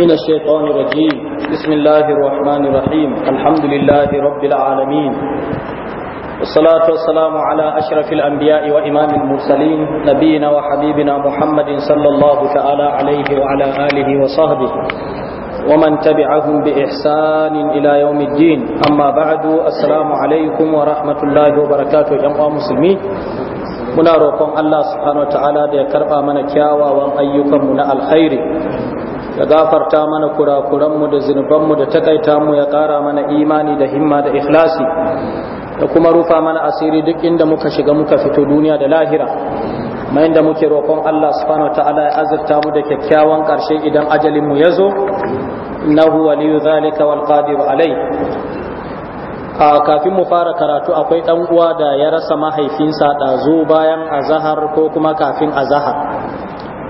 من الشيطان الرجيم بسم الله الرحمن الرحيم الحمد لله رب العالمين والصلاة والسلام على أشرف الأنبياء وإمام المرسلين نبينا وحبيبنا محمد صلى الله تعالى عليه وعلى آله وصحبه ومن تبعهم بإحسان إلى يوم الدين أما بعد السلام عليكم ورحمة الله وبركاته جمع مسلمين muna roƙon Allah subhanahu wataala da ya karɓa mana kyawawan ayyukanmu na alkhairi ya gafarta mana kurakuranmu da zunubanmu da takaita mu ya ƙara mana imani da himma da ikhlasi da kuma rufa mana asiri duk inda muka shiga muka fito duniya da lahira mai inda muke roƙon Allah subhanahu wa ta'ala ya azurta mu da kyakkyawan ƙarshe idan ajalin mu yazo innahu waliyu zalika wal qadiru alai a kafin mu fara karatu akwai dan uwa da ya rasa mahaifinsa ɗazu bayan azahar ko kuma kafin azahar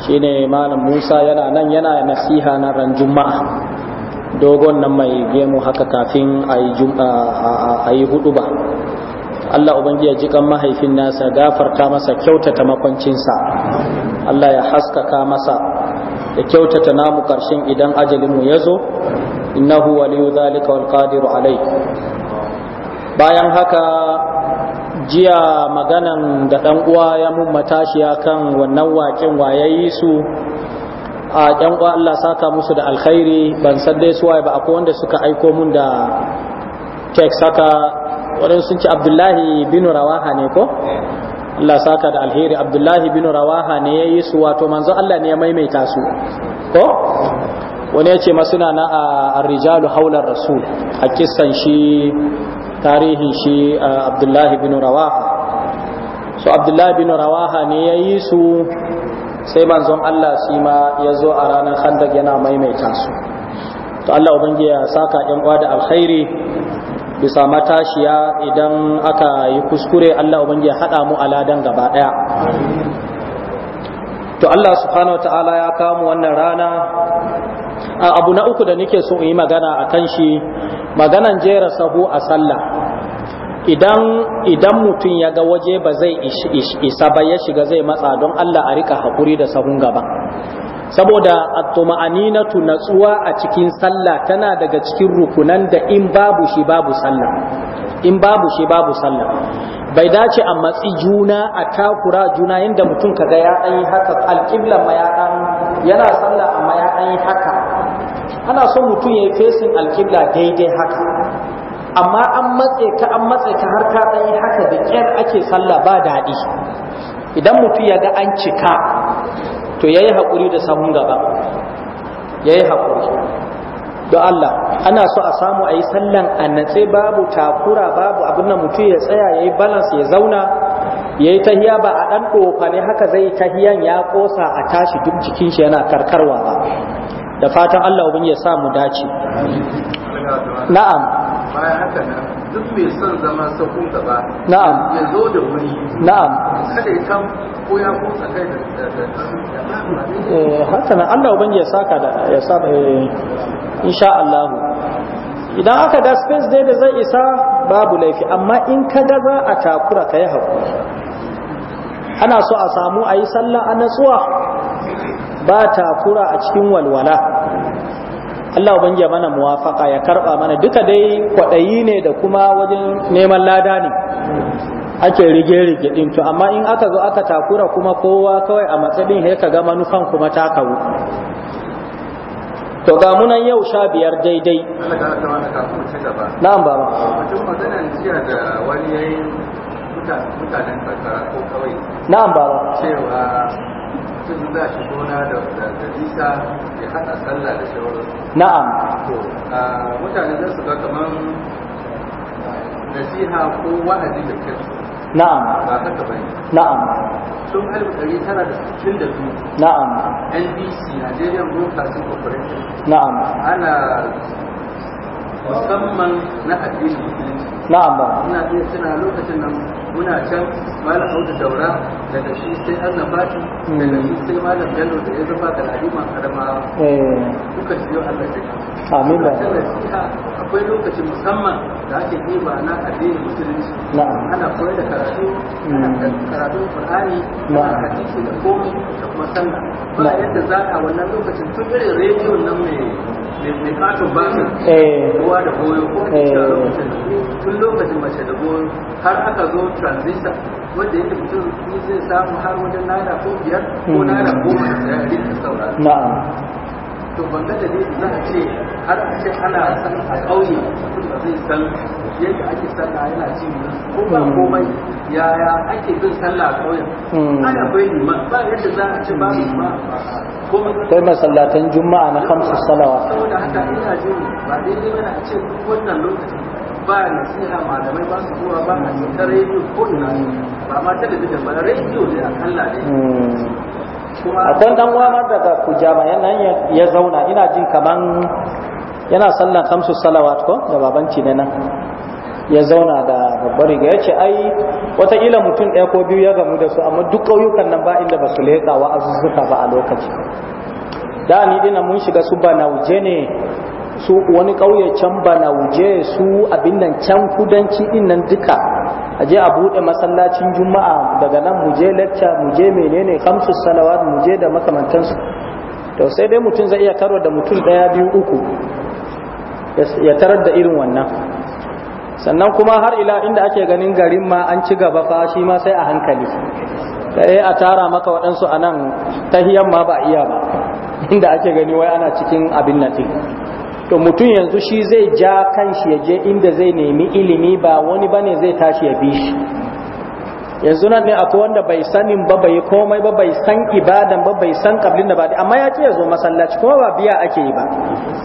shine malam Musa yana nan yana nasiha na ran juma'a dogon nan mai gemu haka kafin a yi hudu ba Allah ubangi ya jikan mahaifin nasa gafarta masa kyautata makwancinsa Allah ya haskaka masa ya kyautata namu karshen idan ajalinmu ya zo innahu waliyu zalika wal qadiru alai bayan haka jiya maganan da ɗan uwa ya mummata shi kan wannan waƙin yi su a ɗan uwa Allah saka musu da alkhairi ban san dai waye ba akwai wanda suka aiko mun da tek saka waɗansu sun ci Abdullahi bin Rawaha ne ko Allah saka da alheri Abdullahi bin Rawaha ne yi su wato manzo Allah ne ya maimaita su ko wani ya ce ma suna na a rijalu haular rasul a kisan shi tarihin shi abdullahi bin rawaha so abdullahi bin rawaha ne ya yi su sai manzon Allah su ma ya zo a ranar handak yana maimaita su to Allah ubangi ya saka yan uwa da alkhairi bisa matashiya idan aka yi kuskure Allah ubangi ya hada mu aladan gaba daya to Allah subhanahu Ta'ala ya kawo wannan rana abu na uku da nake so in yi magana a kan shi maganan jera sahu a sallah idan idan mutum ya ga waje ba zai isa ba ya shiga zai matsa don Allah a rika hakuri da sahun gaba saboda at-tuma'aninatu natsuwa a cikin sallah tana daga cikin rukunan da in babu shi babu sallah in babu shi babu sallah bai dace a matsi juna a takura juna yadda mutum kaga ya an yi haka alƙiblan ma ya yana sallah amma ya an yi haka ana son mutum ya yi fesin alƙibla daidai haka amma an matse ka an matse ka har ka ɗanyi haka da ƙyar ake sallah ba daɗi idan mutum ya ga an cika to ya yi haƙuri da sahun gaba ya yi haƙuri don Allah ana so a samu a yi sallan a natse babu takura babu abin da mutum ya tsaya ya yi balans ya zauna ya yi tahiya ba a ɗan ɗofa ne haka zai tahiyan ya ƙosa a tashi duk jikin shi yana karkarwa ba da fatan Allah ubin ya sa mu dace na'am duk mai son zama sahun gaba na'am ya zo da wuri na'am kada ya kan ko ya kusa kai da eh, Allah ubin ya saka da ya sa eh, insha Allah idan aka ga space dai da zai isa babu laifi amma in ka ga za a takura ka yi haƙuri ana so a samu a yi sallah a natsuwa ba takura a cikin walwala Allah ubangiji mana muwafaka ya karba mana duka dai kwadayi ne da kuma wajen neman lada ne ake rige-rige din to amma in aka zo aka takura kuma kowa kawai a matsayin sai ka ga manufan kuma ta kawo to ga munan yau sha biyar daidai na'am baba na'am baba cewa mutum za shi gona da nisa ya haɗa sallah da shawarar na'am to mutane za su ga kamar nasiha ko wa'azi da kyau na'am ba haka bane na'am sun alif ɗari tara da sittin da biyu na'am NBC Nigerian Broadcasting Corporation na'am ana musamman na addinin na'am ba ina iya tuna lokacin nan muna can malam audu daura daga shi sai na annabati daga shi sai malam bello da ya zama da al'umma karama eh. duka shi yau allah ya amin ba akwai lokacin musamman da ake ɗiba na addinin musulunci ana koyar da karatu mm. karatun qur'ani da hadisi da komai da kuma sallah ba yadda za a wannan lokacin tun irin rediyon nan mai mai ba bakin eh. ruwa da goyo ko lokacin eh. tun lokacin mace da goyo har aka zo transistor wanda yake mutum zai samu har wajen nada ko biyar ko mm. nada goma da ya rika saurara to bangar da da za a ce har a ce ana san a ƙauye mutum da zai san yadda ake sallah yana ci ko ba hmm. komai yaya ake bin sallah a ƙauyen ana hmm. bai liman ba yadda za a ce ba hmm. liman akwai masallatan juma'a na kamsu salawa saboda haka ina jin ba daidai bane a ce duk wannan lokacin ba nasiha malamai ba su zuwa ba a cikin rediyo ko ina ba ma talabijin ba rediyo ne akalla ne akwai dan wama daga kujama yanayin ya zauna ina jin kaman yana sallan kamsu salawat ko da babanci ne nan ya zauna da babbar riga ya ce ai wataƙila mutum ɗaya ko biyu ya gamu da su amma duk ƙauyukan nan ba inda ba su leƙa wa ba a lokaci da ni dina mun shiga su wuje ne su wani ƙauye can wuje su abin nan can kudanci din nan duka a je a buɗe masallacin juma'a daga nan mu je lecture mu menene kamsu salawat mu je da makamantansu to sai dai mutum zai iya karo da mutum ɗaya biyu uku ya tarar da irin wannan sannan kuma har ila inda ake ganin garin ma an ci gaba fa shi ma sai a hankali sai a tara maka waɗansu a nan tahiyan ma ba iya ba inda ake gani wai ana cikin abin natin to mutum yanzu shi zai ja kanshi ya je inda zai nemi ilimi ba wani bane zai tashi ya bi shi yanzu nan ne akwai wanda bai sanin ba bai komai ba bai san ibadan ba bai san kablin da ba amma ya ce ya masallaci kuma ba biya ake yi ba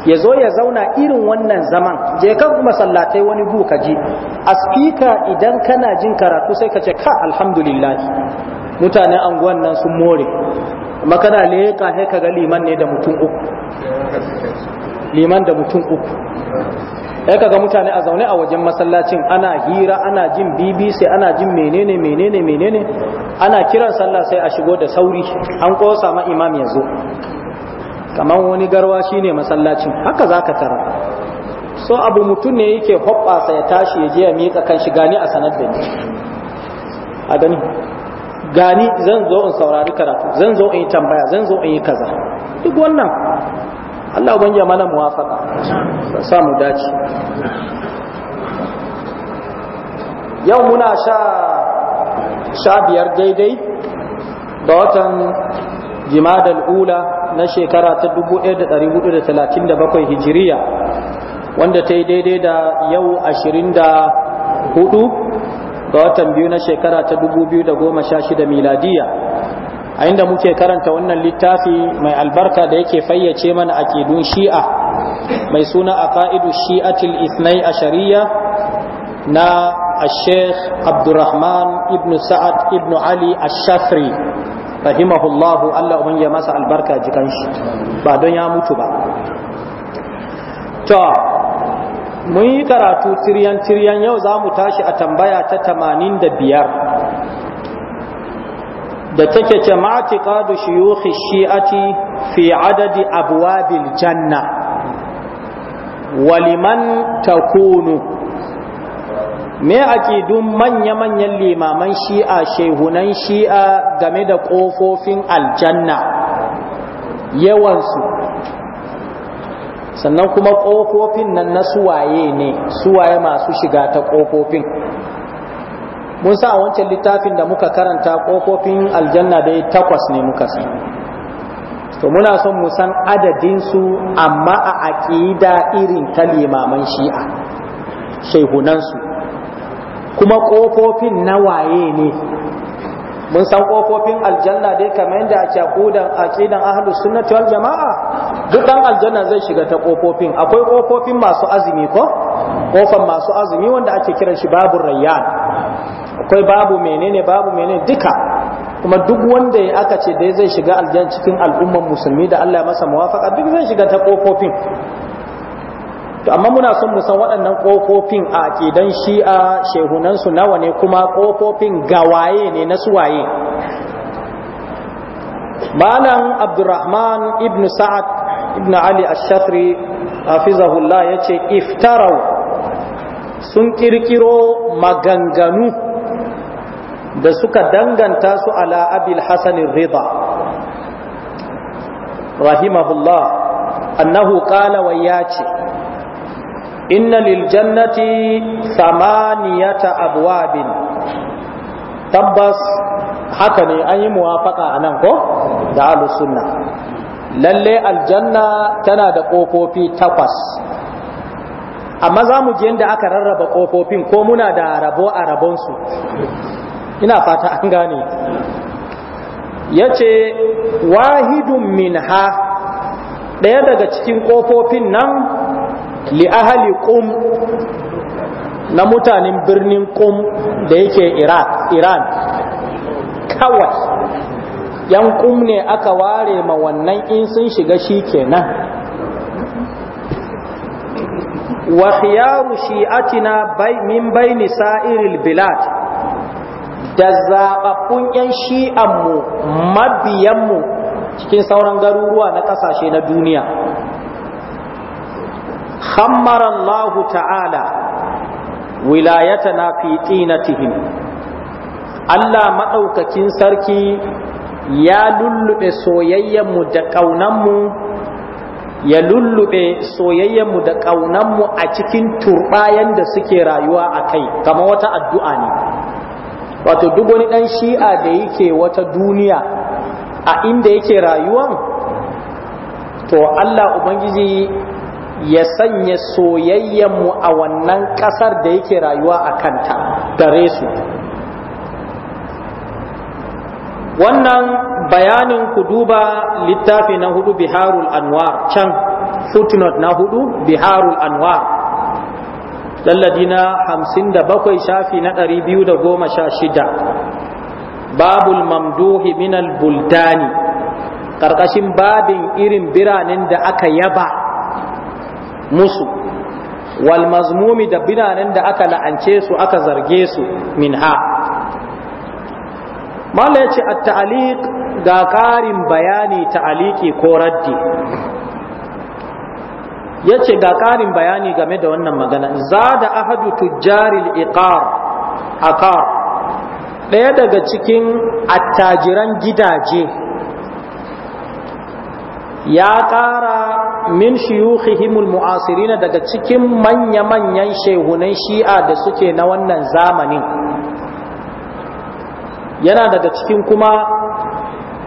ya zo ya zauna irin wannan zaman je kan masallatai wani bu ka ji a spika idan kana jin karatu sai ka ce ka alhamdulillah mutanen anguwan nan sun more amma kana leƙa sai ka ga liman ne da mutum uku liman da mutum uku ya kaga mutane a zaune a wajen masallacin ana hira ana jin BBC ana jin menene menene menene ana kiran sallah sai a shigo da sauri an kosa ma imam ya zo. kamar wani garwa shine masallacin haka zaka tara so abu mutum ne yake hoɓɓasa ya tashi ya je ya miƙa kan shi gani a sanar da ni a gani gani zan zo in saurari karatu zan zo in yi tambaya zan zo in yi kaza duk wannan Allah ban ubangi mana muwafaka sa mu dace yau muna sha sha biyar daidai da watan jimadal ula na shekara ta 1437 hijiriya wanda ta yi daidai da yau 24 ga watan biyu na shekara ta 2016 miladiya a inda muke karanta wannan littafi mai albarka da yake fayyace mana aƙidun shi'a mai suna a ƙa'idu shi'atil isnai a shari'a na sheikh abdurrahman Ibn Sa'ad Ibn Ali علي Shafri. rahimahullah Allah uban ya masa albarka jikan shi ba don ya mutu ba to mun yi karatu tiryan tiryan yau za mu tashi a tambaya ta 85 da take ce qadu shuyukhi shi'ati fi adadi abwabil janna waliman takunu me dun manya-manyan limaman shi'a shehunan shi'a game da ƙofofin aljanna yawansu sannan kuma ƙofofin nan na suwaye ne suwaye masu shiga ta ƙofofin mun sa a wancan littafin da muka karanta ƙofofin aljanna dai takwas ne muka san to muna son mu san su amma a aƙida irin ta limaman shi'a shaihunansu kuma ƙofofin waye ne mun san ƙofofin aljanna dai kamar yadda a cakudan aqidan ahlu sunnati wal jama'a duk dan aljanna zai shiga ta ƙofofin akwai ƙofofin masu azumi ko ƙofan masu azumi wanda ake kiran shi babu rayyan akwai babu menene babu menene duka kuma duk wanda ya aka ce dai zai shiga aljanna cikin al'umman musulmi da Allah ya masa muwafaka duk zai shiga ta kofofin to amma muna son mu san waɗannan kofofin a aqidan shi'a shehunan su nawa ne kuma kofofin gawaye ne na waye. malam abdurrahman ibn sa'ad ibn ali ash-shafi hafizahullah yace iftarau sun kirkiro maganganu da suka danganta su ala abil hasanin rida rahimahullah annahu qala wa ya ce inna lil jannati thamaniyata abwabin tabbas haka ne an yi muwafaka a nan ko da alusunna. sunna lalle aljanna tana da ƙofofi takwas amma za mu je inda aka rarraba ƙofofin ko muna da rabo a rabonsu ina fata an gane ya ce wahidun min ha daga cikin ƙofofin nan li ahali ƙum na mutanen birnin ƙum da yake iran kawai yan ƙum ne aka ware ma wannan in sun shiga shi kenan wa khiyaru shi'atina min bayni sa'iril bilad da zababbun yan shi'anmu mabiyanmu cikin sauran garuruwa na ƙasashe na duniya hammarallahu ta'ala Wilayata na fiti na tihin. Allah maɗaukakin sarki ya lullube soyayyenmu da ƙaunanmu ya lullube soyayyenmu da ƙaunanmu a cikin turɓayen da suke rayuwa a kai kama wata addu'a ne wato duk wani dan shi'a da yake wata duniya a inda yake rayuwan to Allah ubangiji ya sanya mu a wannan kasar da yake rayuwa a kanta daresu. su wannan bayanin ku duba littafi na hudu biharul anwar can footnote na hudu biharul anwar lalladi na hamsin da bakwai shafi na ɗari biyu da goma sha shida babul mamduhi minal buldani ƙarƙashin babin irin biranen da aka yaba musu wal mazmumi da biranen da aka la'ance su aka zarge su min ha mala ya ce a ta'aliq ga ƙarin bayani ta'aliki ko raddi Yace ga ƙarin bayani game da wannan magana za da ahadu tujjaril iqar aqar ɗaya daga cikin attajiran gidaje ya ƙara min shuyukhihimul mu'asirina daga cikin manya-manyan shehunan shi'a da suke na wannan zamanin yana daga cikin kuma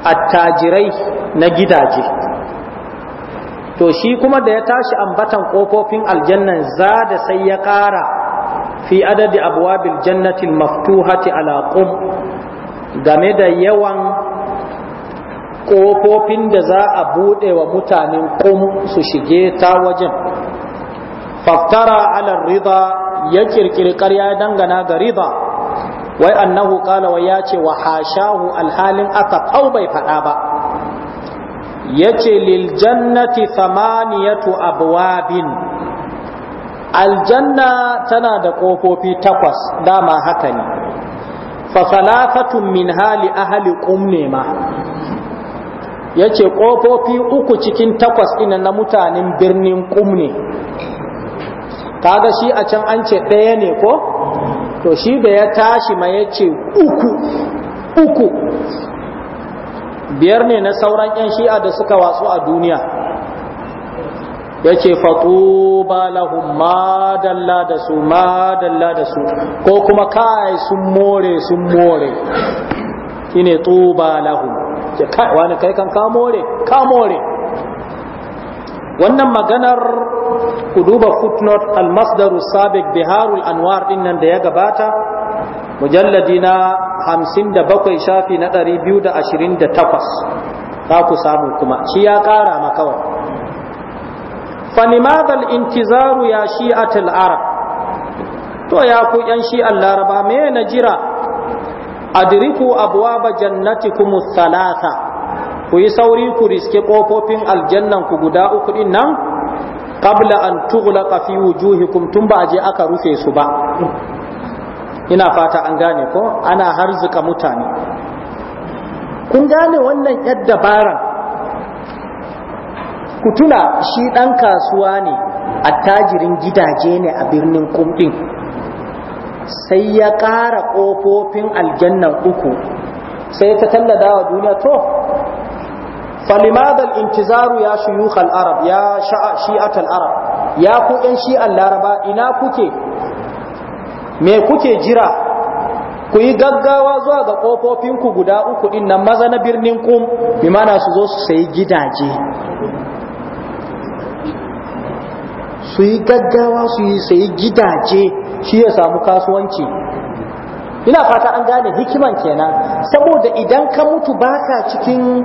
attajirai na gidaje to shi kuma da ya tashi ambatan ƙofofin aljannan zada sai ya ƙara fi adadi abwabil jannatin maftuhati alaƙum game da yawan ƙofofin da za a buɗe wa mutanen qum su shige ta wajen faftara ala rida ya kirkiri ƙarya dangana ga rida wai annahu kala wai ya ce wa hashahu alhalin aka kau bai faɗa ba yace lil jannati thamaniyatu abwabin aljanna tana da kofofi takwas dama haka ne fa salafatu min hali ahli qum ma yace kofofi uku cikin takwas ina na mutanen birnin qumne kaga shi a can an ce ɗaya ne ko to shi da ya tashi ma yace uku uku biyar ne na sauran 'yan shi'a da suka watsu a duniya ya ce fatuba lahum madalla da su madalla da su ko kuma kai sun more sun more kine tuba lahum ce kai wani kai kan ka more ka more wannan maganar ku duba footnote al-masdaru sabiq biharul anwar din nan da ya gabata mujalladi na hamsin da bakwai shafi na ɗari biyu da ashirin da takwas za ku samu kuma shi ya ƙara makawar falimadal intizaru ya shi a arab to ya ku yan shi'an laraba me na jira adriku abwaba jannatikum thalatha ku yi sauri ku riske kofofin aljannan ku guda uku din nan qabla an tughlaqa fi wujuhikum tun ba je aka rufe su ba ina fata an gane ko ana harzuka mutane kun gane wannan yadda dabaran ku tuna shi ɗan kasuwa ne attajirin gidaje ne a birnin kumɗin sai ya ƙara ƙofofin aljannan uku sai ta tallada wa duniya to falimada intizaru ya shuyukh al-arab ya sha'a shi'at arab ya ku ɗan shi'an laraba ina kuke me kuke jira ku yi gaggawa zuwa ga ƙofofinku guda uku ɗin nan maza na birnin ku? bi mana su zo su sayi gidaje su yi gaggawa su yi sayi gidaje shi ya samu kasuwanci ina fata an gane hikiman kenan saboda idan ka mutu baka cikin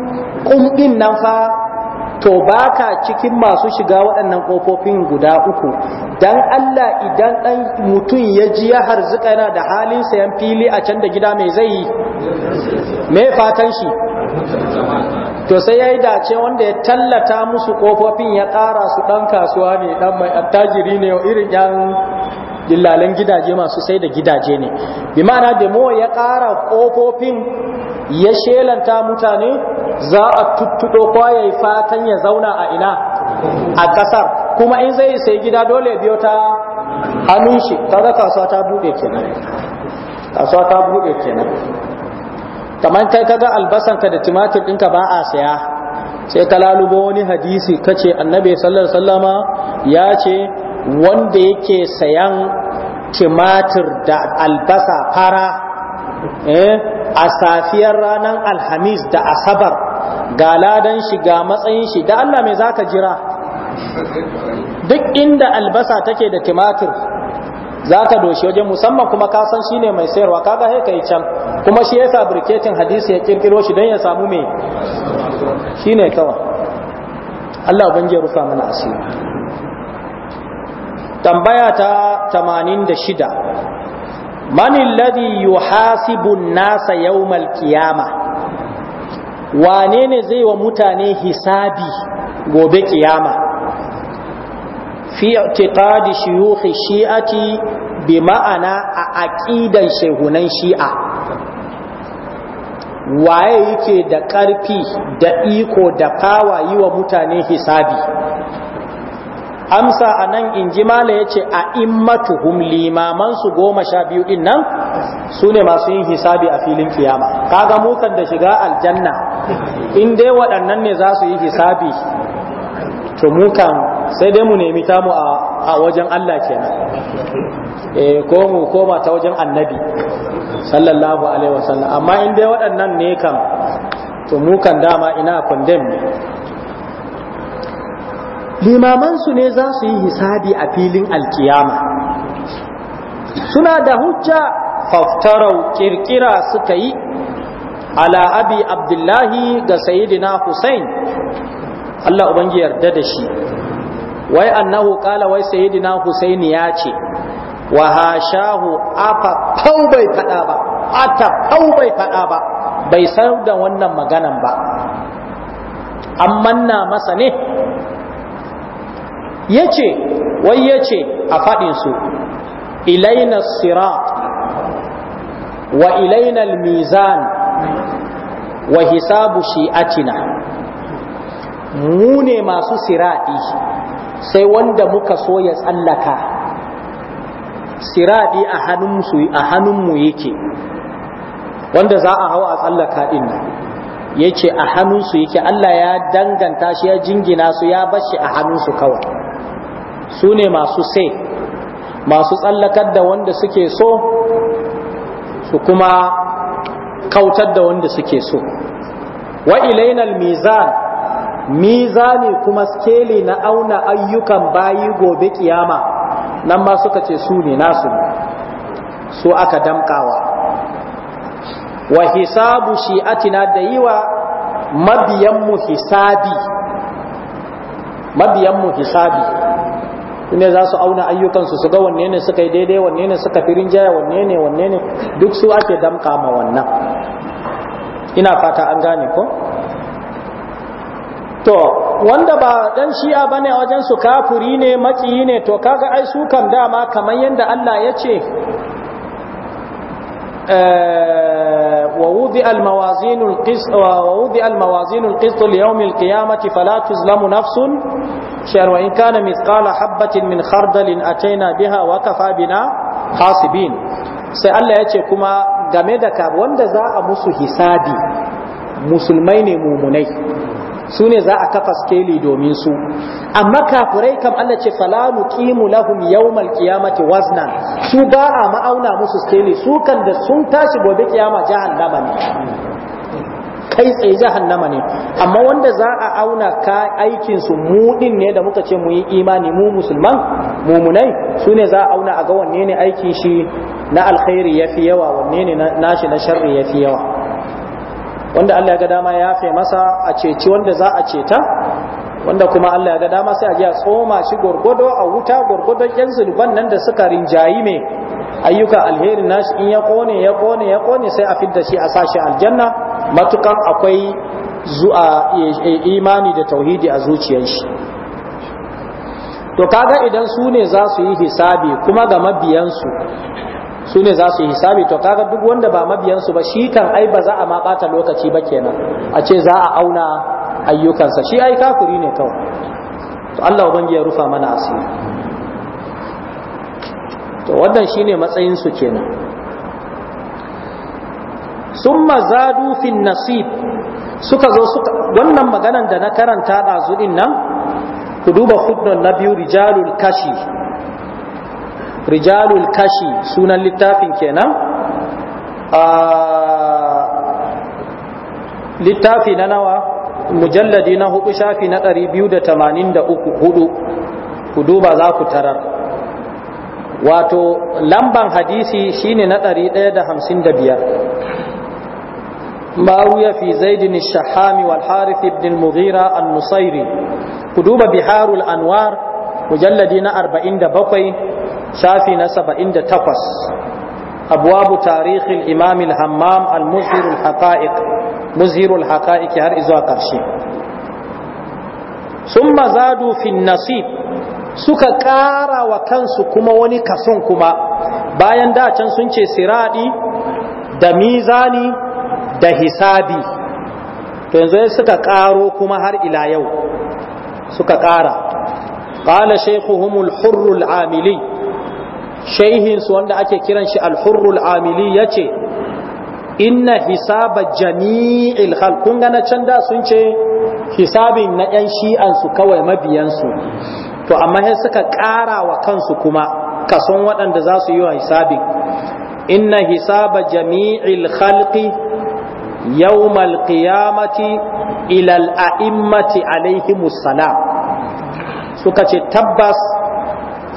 ɗin nan fa to baka cikin masu shiga waɗannan ƙofofin guda uku don Allah idan ɗan mutum ya ji ya harzuka yana da halin sayan fili a can da gida mai zai yi mai fatan shi to sai ya yi dace wanda ya tallata musu ƙofofin ya ƙara su ɗan kasuwa ne ɗan mai attajiri ne irin yan dillalan gidaje masu sai da gidaje ne bi ma'ana da ya ƙara ƙofofin ya shelanta mutane za a tuttuɗo kwayayi fatan ya zauna a ina a ƙasar kuma in zai sai gida dole biyo ta hannun shi kaga kasuwa ta buɗe kenan kasuwa ta buɗe kenan kamar kai kaga albasanka da timatir ɗinka ba a saya sai ka lalubo wani hadisi kace annabi Sallar Sallama ya ce wanda yake sayan timatir da albasa fara eh, a safiyar ranar alhamis da asabar ga ladan shi ga matsayin shi da Allah mai zaka jira duk inda albasa take da timatir zaka doshi waje musamman kuma ka san shine mai sayarwa kaga he kai can kuma shi ya burketin hadisi ya kirkiro shi dan ya samu me shine kawai Allah ubangiji rufa mana asiri tambaya ta 86 man alladhi yuhasibu an-nasa yawmal qiyamah wane ne zai wa mutane hisabi gobe kiyama fi i'tiqadi shuyukh shi'ati bi ma'ana a aqidan shehunan shi'a waye yake da ƙarfi da iko da fawa yi wa mutane hisabi amsa a nan in ji mala ya ce a immatuhum su goma sha biyu din nan su ne masu yin hisabi a filin kiyama kaga mukan da shiga aljanna in dai waɗannan ne za su yi hisabi to mu kan sai dai mu nemi tamu a wajen Allah kenan eh ko mu koma ta wajen annabi sallallahu alaihi wasallam amma in dai waɗannan ne kan to mu kan dama ina condemn ne limaman su ne za su yi hisabi a filin alkiyama suna da hujja faftarau kirkira suka yi ala abi abdullahi ga sayyidina husain Allah ubangi yarda da shi wai annahu kala wai sayyidina Husaini ya ce wa hashahu afa kau bai fada ba ata kau bai fada ba bai san da wannan maganan ba An na masa ne yace wai yace a fadin su ilaina sirat wa ilaina almizan mizan wa hisabu shi'atina mu ne masu siradi sai wanda muka so ya tsallaka siradi a hannunmu a hannunmu yake wanda za a hau a tsallaka din yake a hannunsu yake Allah ya danganta shi ya jingina su ya bashi a hannunsu kawai su ne masu sai masu tsallakar da wanda suke so su kuma kautar da wanda suke so wa ilainal mizan mizani kuma skeli na auna ayyukan bayi gobe kiyama nan ma suka ce su ne nasu su aka damkawa wa hisabu shi'atina da yiwa wa mabiyanmu hisabi mabiyanmu hisabi ne za su auna ayyukansu su ga wanne ne suka yi daidai wanne ne suka firin jaya wanne ne wanne ne duk su ake damka ma wannan ina fata an gane ko to wanda ba dan shi'a bane a wajen su kafuri ne maciyi ne to kaga ai su kan dama kamar yadda Allah ya ce ووضع الموازين القسط ووضع الموازين القسط ليوم القيامة فلا تظلم نفس شيئا وإن كان مثقال حبة من خردل أتينا بها وكفى بنا حاسبين سأل يأتي كما game da wanda za a musu hisabi musulmai ne mumunai su ne za a kafa skeli domin su amma kafurai kam Allah ce fala nuqimu lahum yawmal qiyamati waznan su ba a ma'auna musu skeli su kan da sun tashi gobe kiyama jahannama ne kai tsaye jahannama ne amma wanda za a auna ka aikin su mu din ne da muka ce mu yi imani mu musulman mumunai su ne za a auna a ga wanne ne aikin shi na alkhairi yafi yawa wanne ne nashi na sharri yafi yawa wanda Allah ya ga dama ya yafe masa a ceci wanda za a ceta wanda kuma Allah ya ga dama sai a ji a tsoma shi gwargwado a wuta gwargwadon yan zulban nan da suka rinjayi mai. ayyukan alherin nashi in ya kone ya kone ya kone sai a fidda shi a sashi aljanna matukan akwai zuwa e, e, imani da tauhidi a zuciyar shi to kaga idan su ne za su yi hisabi kuma ga mabiyansu su ne za su yi hisabi to kaga duk wanda ba mabiyansu ba shi kan ai ba za a ma bata lokaci ba kenan a ce za a auna ayyukansa shi ai kafiri ne kawai to Allah ubangiji ya rufa mana asiri to wannan shine matsayin su kenan summa zadu fin nasib suka zo suka wannan maganan da na karanta da zudin nan ku duba footnote na biyu rijalul kashi rijalul kashi sunan littafin kenan ah, littafi na nawa mujalladi na hudu shafi na 284 ku duba za ku tarar wato lamban hadisi shine na 155 معاوية في زيد الشحام mughira بن المغيرة النصيري كدوب بحار الأنوار مجلدين أربعين دبقي shafi na 78 abwabu tarihin imam al-hammam al-muzhir al-haqa'iq muzhir al-haqa'iq har izuwa karshe summa zadu fi nasib suka ƙara wa kansu kuma wani kafin kuma bayan da can sun ce siradi da mizani da hisabi to yanzu suka ƙaro kuma har ila yau suka ƙara ƙala shaikuhumul hurrul amili shaihinsu wanda ake kiran shi alhurrul amili ya ce inna hisaba jami'il khalq kun na can da sun ce hisabin na yan shi'ansu kawai mabiyansu to amma sai suka ƙara wa kansu kuma kason waɗanda za su yi wa hisabin inna hisaba jami'il halki yawmal Ilal ila al-a'immati alaihimus salam suka ce tabbas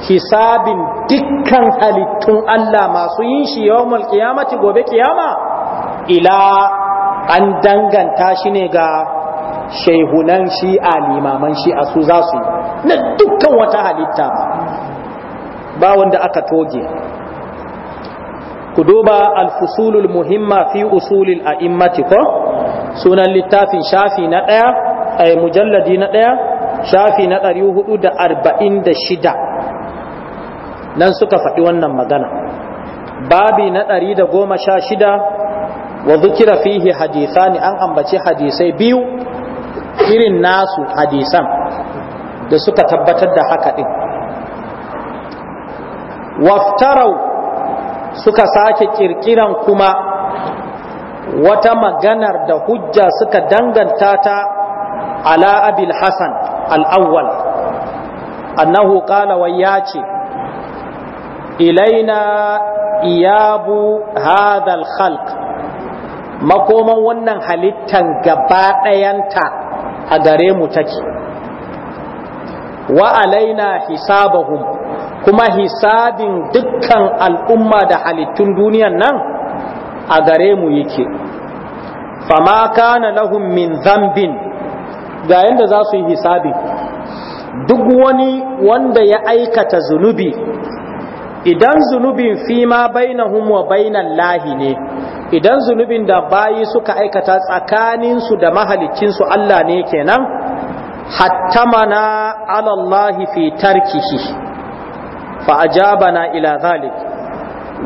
hisabin dukkan halittun Allah masu yin shi yawmal kiyamati gobe kiyama ila an danganta shi ne ga shehunan shi'a limaman a su za su yi na dukkan wata halitta ba ba wanda aka toge ku duba alfusulul muhimma fi usulil a'immati ko sunan littafin shafi na ɗaya a eh, mujalladi na ɗaya shafi na ɗari huɗu da arba'in da shida nan suka faɗi wannan magana babi na ɗari da goma sha shida wa zukira fihi hadisani an ambaci hadisai biyu irin nasu hadisan da suka tabbatar da haka ɗin waftarau suka sake ƙirƙiran kuma wata maganar da hujja suka danganta ta ala abil hasan al'awwal annahu qala wa ya ce ilaina iyabu hadal khalq makoman wannan halittan gaba ɗayanta a gare mu take wa alaina hisabahum kuma hisabin dukkan al'umma da halittun duniyan nan a gare mu yake fama kana lahum min zambin ga yadda za su yi hisabi duk wani wanda ya aikata zunubi idan zunubin fima baina wa bainan lahi ne idan zunubin da bayi suka aikata tsakaninsu da mahalicinsu Allah ne kenan hattamana alallahi fi tarkihi fa ajabana ila zalik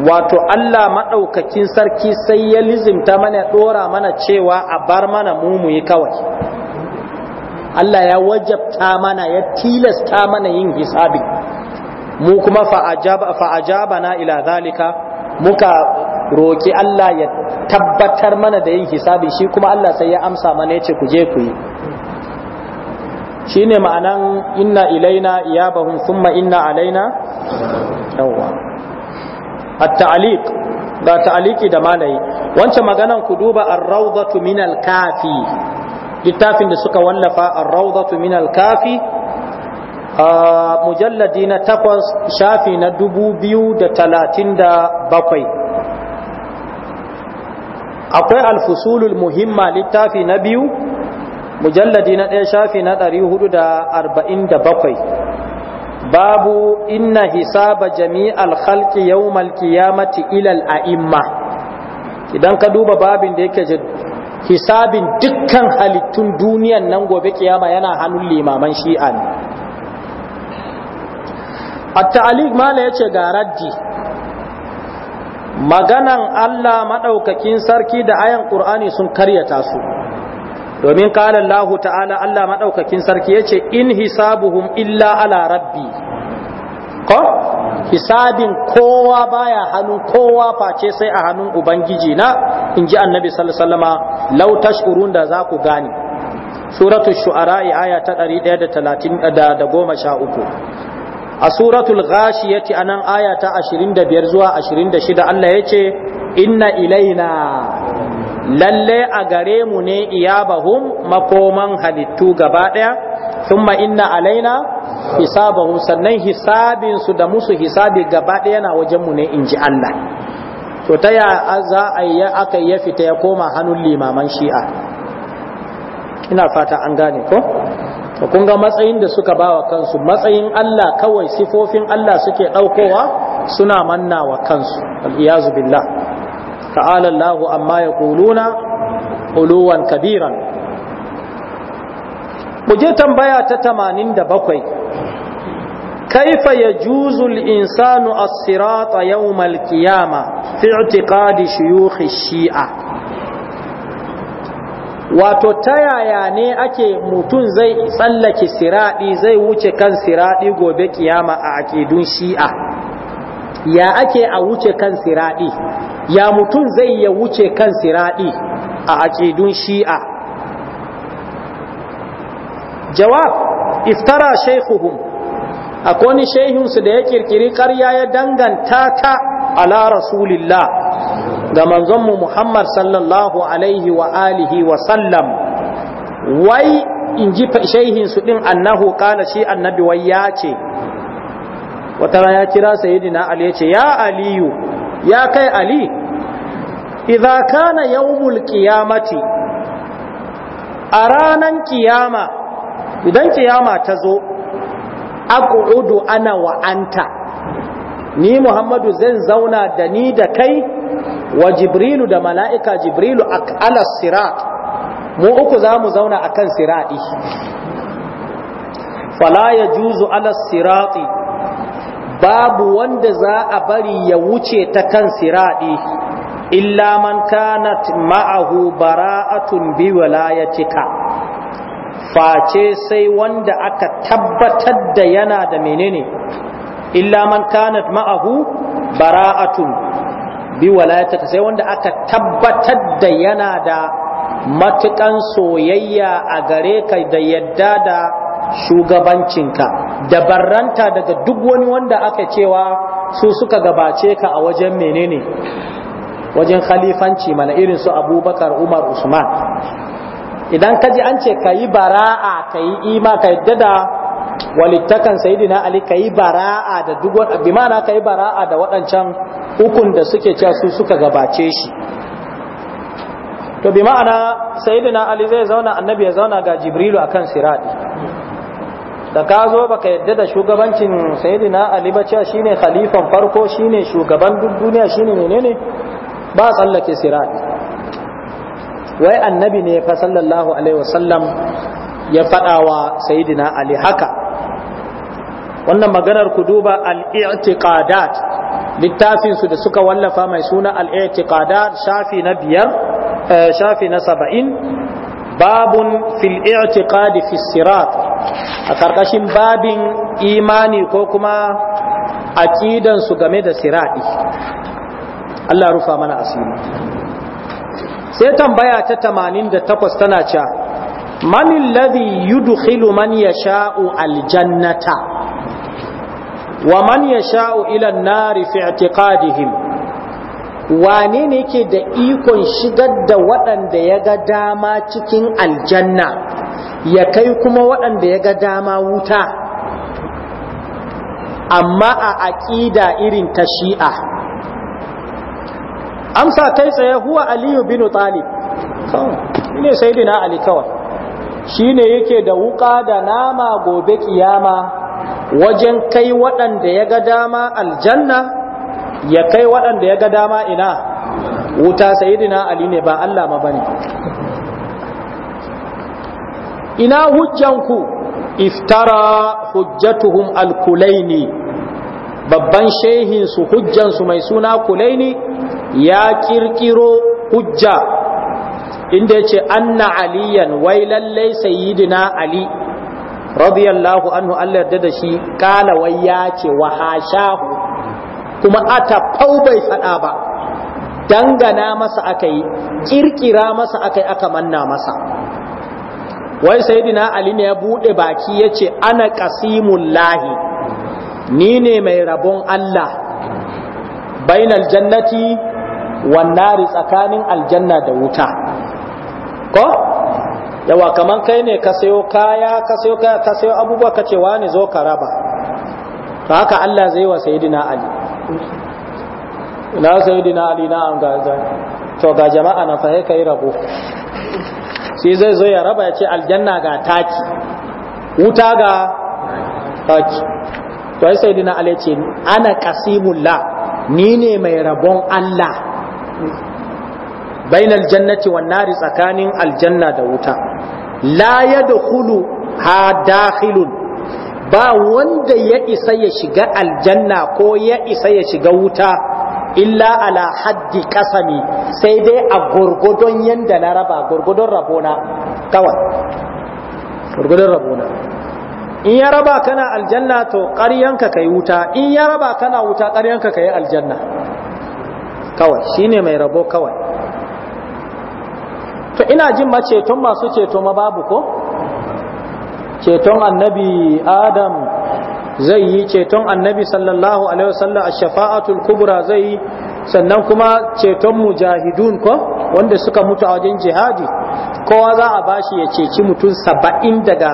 wato Allah maɗaukakin sarki sai ya lizimta mana ɗora mana cewa a bar mana mu, mumuyi kawai Allah ya wajabta mana ya tilasta mana yin hisabi mu kuma fa'ajaba na ila zalika muka roƙi Allah ya tabbatar mana da yin hisabi shi kuma Allah sai ya amsa mana ya ce ku je ku yi Shi shine ma'anan inna ilaina iyabahum thumma inna alaina yawwa at-ta'liq da ta'liqi da malai wancan maganan ku duba ar-rawdatu minal kafi littafin da suka wallafa ar-rawdatu minal kafi mujalladi na takwas shafi na dubu biyu da talatin da bakwai akwai alfusulul muhimma littafi na biyu mujalladi na ɗaya shafi na ɗari hudu da arba'in da bakwai babu inna hisaba jami'al khalqi yawmal qiyamati ilal imma. idan ka duba babin da yake hisabin dukkan halittun duniyan nan gobe kiyama yana hannun limaman shi'a ne at-ta'liq mala yace ga raddi maganan Allah madaukakin sarki da ayan Qur'ani sun karyata su domin qala Allah ta'ala Allah madaukakin sarki yace in hisabuhum illa ala rabbi ko hisabin kowa baya hannu kowa face sai a hannun ubangiji na in ji annabi sallallahu alaihi wasallama law tashkurun da za ku gane suratul shu'ara aya ta uku. a suratul ghashiyati anan aya ta 25 zuwa 26 Allah yace inna ilaina lalle a gare mu ne iyabahum makoman halittu gaba daya thumma inna alaina hisabahum sannan hisabinsu da musu hisabi gaba daya na wajen mu ne inji Allah to ta ya za a yi aka ya fita ya koma hannun limaman shi'a ina fata an gane ko to kun ga matsayin da suka bawa kansu matsayin Allah kawai sifofin Allah suke ɗaukowa suna manna wa kansu al'iyazu billah ta'ala Allahu amma ya ƙuluna uluwan kabiran mu je tambaya ta 87 كيف يجوز a sirata yau Malkiyama, في اعتقاد شيوخ shi'a. wato ta yaya ne ake mutum zai tsallake siraɗi zai wuce kan siraɗi gobe kiyama a akidun shi'a ya ake a wuce kan siraɗi ya mutum zai ya wuce kan siraɗi a akidun shi'a jawab iftara shaikuhun akwai wani su da ya kirkiri ƙarya ya danganta ta ala rasulillah ga manzonmu Muhammad sallallahu alaihi wa alihi wa sallam wai in ji shaihin su din annahu kana shi annabi wai ya ce wata ya kira sayyidina Ali ya ce ya aliyu ya kai ali idza kana yawmul qiyamati a ranan kiyama idan kiyama ta zo aqudu ana wa anta ni Muhammadu zan zauna da ni da kai wa jibrilu da mala'ika jibrilu ala sirat mu uku za mu zauna a kan siraɗi fala ya juzu ala siraɗi babu wanda za a bari ya wuce ta kan siraɗi illa man kanat ma'ahu bara'atun bi walayatika face sai wanda aka tabbatar da yana da menene illa man kanat ma'ahu bara'atun bi walayataka sai wanda aka tabbatar da yana da matukan soyayya a gare ka da yadda da shugabancinka da barranta daga duk wani wanda aka cewa su suka gabace ka a wajen menene wajen khalifanci mana irin su abubakar umar usman idan ka ji an ce ka yi bara'a ka yi ima ka yadda da walittakan sayidina ali kai bara'a da duk wani bi mana kai bara'a da waɗancan hukun da suke cewa su suka gabace shi to bi ma'ana sayidina ali zai zauna annabi ya zauna ga jibrilu akan sirati da ka zo baka yadda da shugabancin sayidina ali ba cewa shine khalifan farko shine shugaban duk duniya shine menene ba tsallake sirati wai annabi ne fa sallallahu alaihi wasallam ya fada wa sayidina ali haka wannan maganar ku duba al-i'tiqadat littafin su da suka wallafa mai suna al-i'tiqadat shafi na biyar eh, shafi na saba'in babun fil i'tiqad fi sirat a karkashin babin imani ko kuma aqidan su game da sirati Allah rufa mana asiri sai tambaya ta 88 tana cewa man alladhi yudkhilu man yasha'u aljannata wa man yasha'u ila an-nari fi i'tiqadihim wane ne yake da ikon shigar da waɗanda ya ga dama cikin aljanna ya kai kuma waɗanda ya ga dama wuta amma a aƙida irin ta shi'a amsa kai tsaye huwa aliyu bin talib kawai ne sai ali kawai shi ne yake da wuƙa da nama gobe ƙiyama wajen kai waɗanda ya ga dama aljanna ya kai waɗanda ya ga dama ina wuta sayidina ali ne ba Allah ma bane ina hujjanku iftara hujjatuhum alkulaini babban shehin su hujjan su mai suna kulaini ya kirkiro hujja inda yace, anna aliyan wai lallai sayidina ali radiyallahu anhu Allah yarda da shi kala wai ya ce wa hashahu kuma ata fau bai fada ba dangana masa akai kirkira masa akai aka manna masa wai sayyidina ali ne ya bude baki yace ana qasimul lahi ni ne mai rabon Allah bainal jannati wan nari tsakanin aljanna da wuta ko yawa kaman kai ne ka sayo kaya ka sayo kaya ka sayo abubuwa ka ce wani zo ka raba to haka Allah zai wa sayyidina Ali ina sayyidina Ali na an gaza to ga jama'a na fahe kai rabo shi zai zo ya raba ya ce aljanna ga taki wuta ga taki to ai sayyidina Ali ce ana qasimullah ni ne mai rabon Allah bainal jannati والنار nari tsakanin aljanna da wuta ها داخل ha وند ba wanda ya isa ya shiga aljanna ko ya isa ya shiga wuta illa ala haddi ربونا sai dai a in ya raba kana aljanna to ƙaryanka kai wuta in ya raba kana wuta ƙaryanka kai aljanna kawai shine mai rabo kawai to ina jin ma ceton masu ceto ma babu ko ceton annabi adam zai yi ceton annabi sallallahu alaihi wasallam ash-shafa'atul kubra zai yi sannan kuma ceton mujahidun ko wanda suka mutu a wajen jihadi kowa za a bashi ya ceci mutum saba'in daga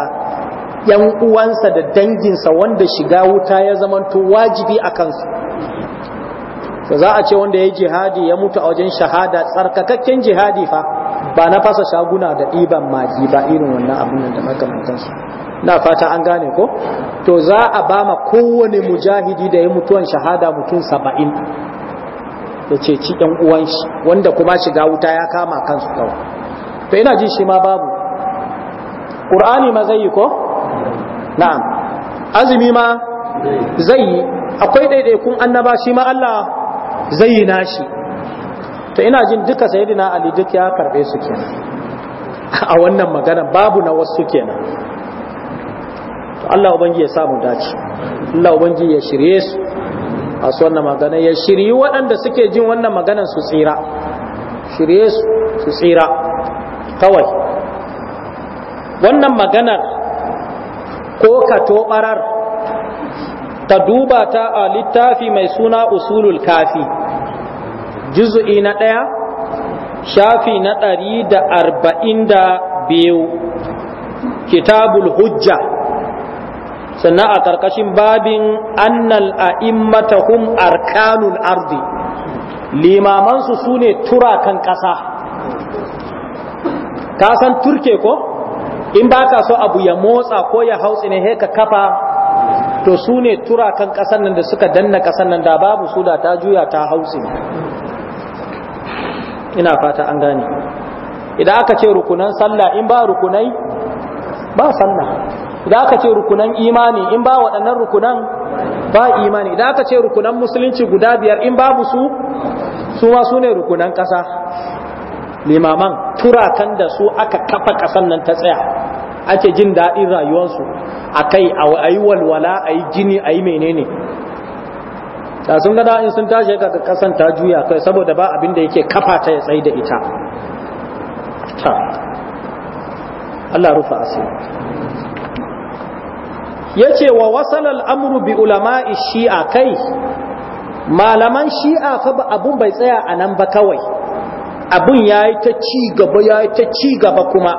yan uwansa da danginsa wanda shiga wuta ya zamanto wajibi a kansu za a ce wanda ya jihadi ya mutu a wajen shahada tsarkakakken jihadi fa ba na fasa shaguna da ɗiban magi ba irin wannan abin da makamantansu na fata an gane ko to za a ba ma kowane mujahidi da ya mutuwan shahada mutum saba'in da ceci ɗan uwan shi wanda kuma shiga wuta ya kama kansu kawai to ina ji shi ma babu ƙur'ani ma zai yi ko na'am azumi ma zai yi akwai ɗaiɗaikun annaba shi ma Allah zai yi nashi to ina jin duka sayidina ali duk ya karbe su kenan a wannan magana babu na wasu kenan to Allah ubangi ya samu dace Allah ubangi ya shirye su a su wannan magana ya shiryi waɗanda suke jin wannan magana su tsira shirye su su tsira kawai wannan maganar ko ka toɓarar ta duba ta a littafi mai suna usulul kafi juz'i na ɗaya shafi na ɗari da arba'in da biyu kitabul hujja sannan a ƙarƙashin babin annal a'immatahum hum arkanul ardi limamansu su ne turakan ƙasa ka san turke ko in ba ka so abu ya motsa ko ya hautsi ne ka kafa to su ne turakan ƙasar nan da suka danna ƙasar nan da babu su da ta juya ta hausi ina fata an gane idan aka ce rukunan sallah in ba rukunai ba sallah idan aka ce rukunan imani in ba waɗannan rukunan ba imani idan aka ce rukunan musulunci guda biyar in babu su su ma su ne rukunan ƙasa limaman turakan da su aka kafa ƙasan nan ta tsaya ake jin daɗin rayuwarsu a kai a yi walwala a yi jini a yi menene da sun gada in sun tashi ga kasan ta juya kai saboda ba abin da yake kafa ta ya tsaye da ita ta Allah rufa asiri yace wa wasala Amru bi ulama'i shi'a kai malaman shi'a fa ba abun bai tsaya a nan ba kawai abun yayi ta ci gaba yayi ta ci gaba kuma